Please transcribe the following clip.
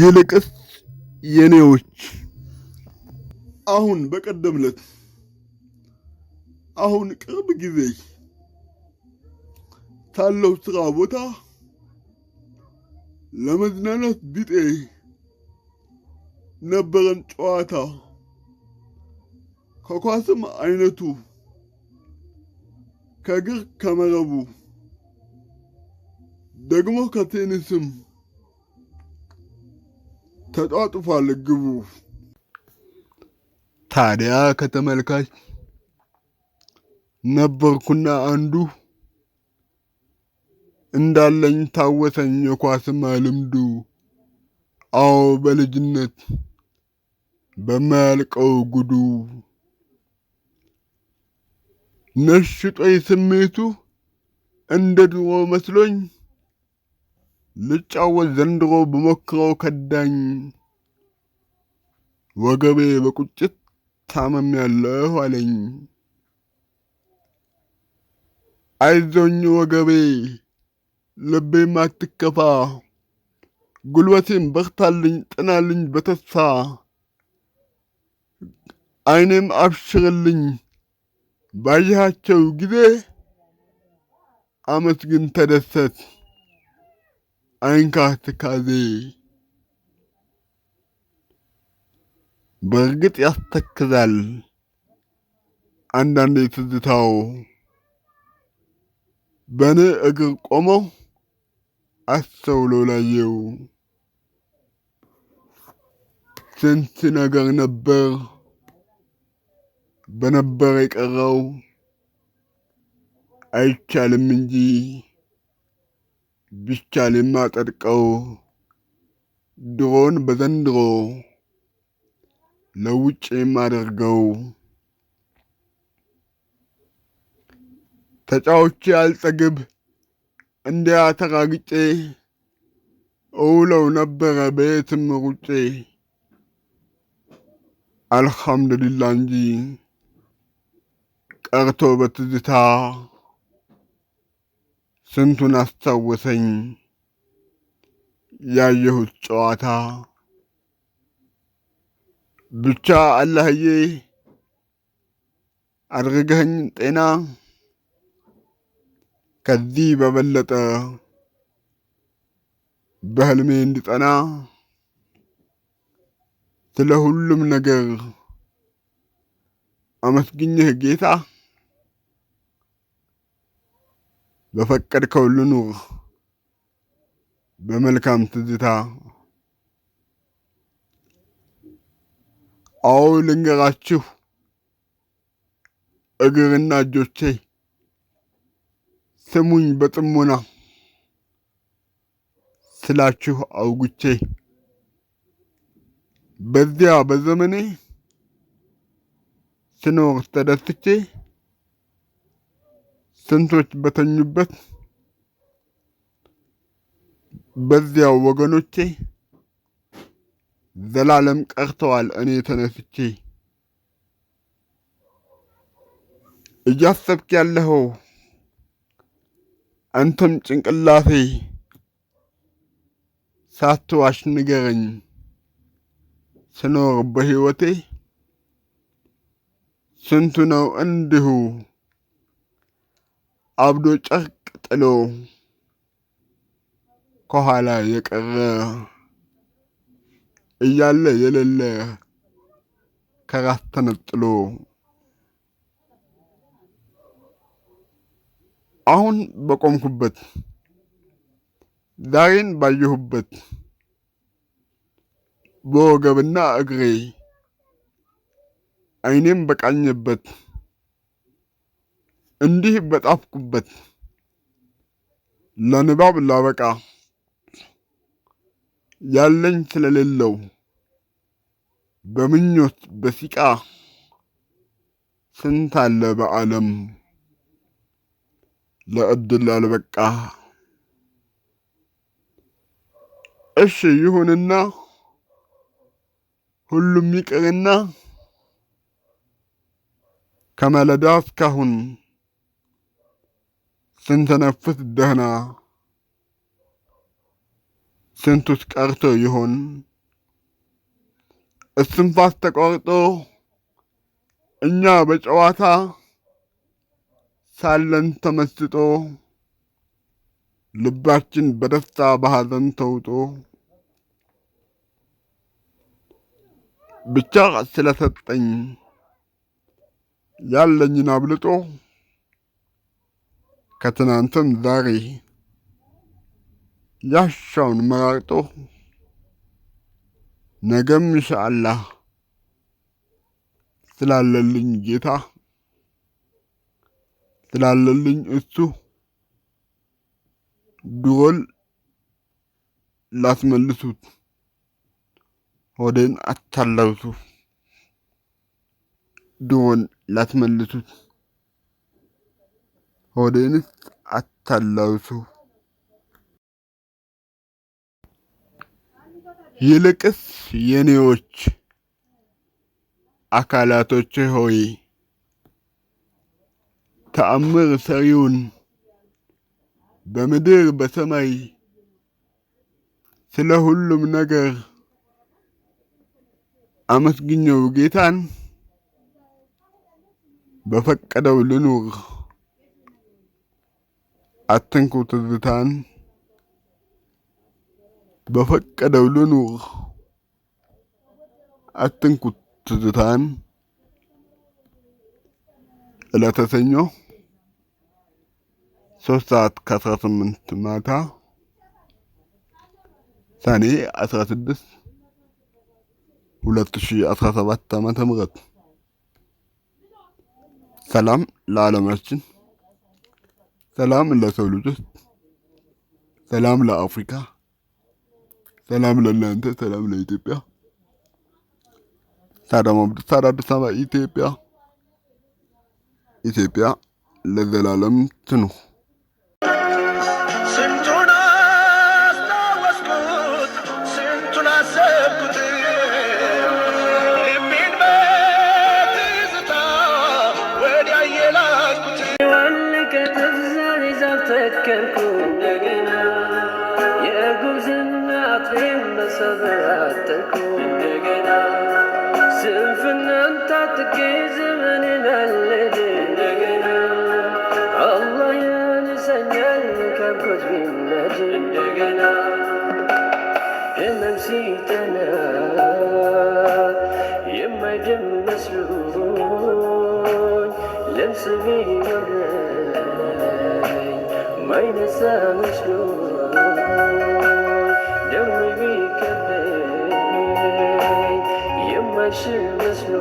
ይልቅስ የኔዎች አሁን በቀደም በቀደምለት አሁን ቅርብ ጊዜ ታለው ስራ ቦታ ለመዝናናት ቢጤ ነበረን ጨዋታ ከኳስም አይነቱ ከእግር ከመረቡ ደግሞ ከቴኒስም ተጧጡፏል ግቡ። ታዲያ ከተመልካች ነበርኩና አንዱ እንዳለኝ ታወሰኝ የኳስማ ልምዱ። አዎ በልጅነት በማያልቀው ጉዱ ነሽጦኝ ስሜቱ እንደ ድሮ መስሎኝ ልጫወት ዘንድሮ ብሞክረው ከዳኝ፣ ወገቤ በቁጭት ታመም ያለሁ አለኝ። አይዞኝ ወገቤ ልቤም አትከፋ፣ ጉልበቴም በርታልኝ ጥናልኝ በተስፋ አይኔም አብሽርልኝ ባየሃቸው ጊዜ አመስግን ተደሰት። አንካትካዜ በእርግጥ ያስተክዛል አንዳንዴ ትዝታው በእኔ እግር ቆመው አስተውሎ ላየው ስንት ነገር ነበር በነበር የቀረው አይቻልም እንጂ ቢቻል የማጸድቀው ድሮን በዘንድሮ ለውጭ የማደርገው ተጫዎቼ አልጠግብ እንዲያ ተራግጬ እውለው ነበረ በየትም ሩጬ አልሐምዱሊላ እንጂ ቀርቶ በትዝታ ስንቱን አስታወሰኝ ያየሁት ጨዋታ። ብቻ አላህዬ አድርገኝ ጤና ከዚህ በበለጠ በህልሜ እንድጠና ስለ ሁሉም ነገር አመስግኜህ ጌታ በፈቀድከው ልኑር በመልካም ትዝታ። አዎ ልንገራችሁ እግርና እጆቼ ስሙኝ በጥሞና ስላችሁ አውጉቼ በዚያ በዘመኔ ስኖር ተደስቼ ስንቶች በተኙበት በዚያው ወገኖቼ ዘላለም ቀርተዋል። እኔ ተነስቼ እያሰብክ ያለኸው አንተም ጭንቅላቴ ሳትዋሽ ንገረኝ። ስኖር በሕይወቴ ስንቱ ነው እንዲሁ አብዶ ጨርቅ ጥሎ ከኋላ የቀረ እያለ የሌለ ከራስ ተነጥሎ አሁን በቆምኩበት ዛሬን ባየሁበት በወገብና እግሬ አይኔም በቃኘበት እንዲህ በጣፍኩበት ለንባብ ላበቃ ያለኝ ስለሌለው በምኞት በሲቃ ስንት አለ በዓለም ለእድል አልበቃ። እሺ ይሁንና ሁሉም ይቅርና ከመለዳ እስካሁን ስንተነፍስ ደህና ስንቱስ ቀርቶ ይሆን እስትንፋስ ተቋርጦ እኛ በጨዋታ ሳለን ተመስጦ ልባችን በደስታ በሐዘን ተውጦ ብቻ ስለሰጠኝ ያለኝን አብልጦ ከትናንትም ዛሬ ያሻውን መራርጦ ነገም ኢንሻአላህ ስላለልኝ ጌታ ስላለልኝ እሱ ድሮን ላትመልሱት ሆዴን አታላውሱ ድሮን ላትመልሱት ሆዴንስ አታላብሱ። ይልቅስ የኔዎች አካላቶች ሆይ ተአምር ሰሪውን በምድር በሰማይ ስለ ሁሉም ነገር አመስግኘው ጌታን በፈቀደው ልኑር። አትንኩ ትዝታን በፈቀደው ልኑር አትንኩ ትዝታን ዕለተ ሰኞ ሶስት ሰዓት ከአስራ ስምንት ማታ ሰኔ አስራ ስድስት ሁለት ሺ አስራ ሰባት ዓመተ ምህረት ሰላም ለዓለማችን ሰላም ለሰው ልጆች፣ ሰላም ለአፍሪካ፣ ሰላም ለእናንተ፣ ሰላም ለኢትዮጵያ። ሳዳም አብዱሳድ አዲስ አበባ ኢትዮጵያ። ኢትዮጵያ ለዘላለም ትኑር። ተከርኩ እንደገና የጉብዝና አጥሬን በሰበብ እንደገና ስንፍናን ታጥቄ ማይነሳ መስሎ ደም ቢከበኝ የማይሽል መስሎ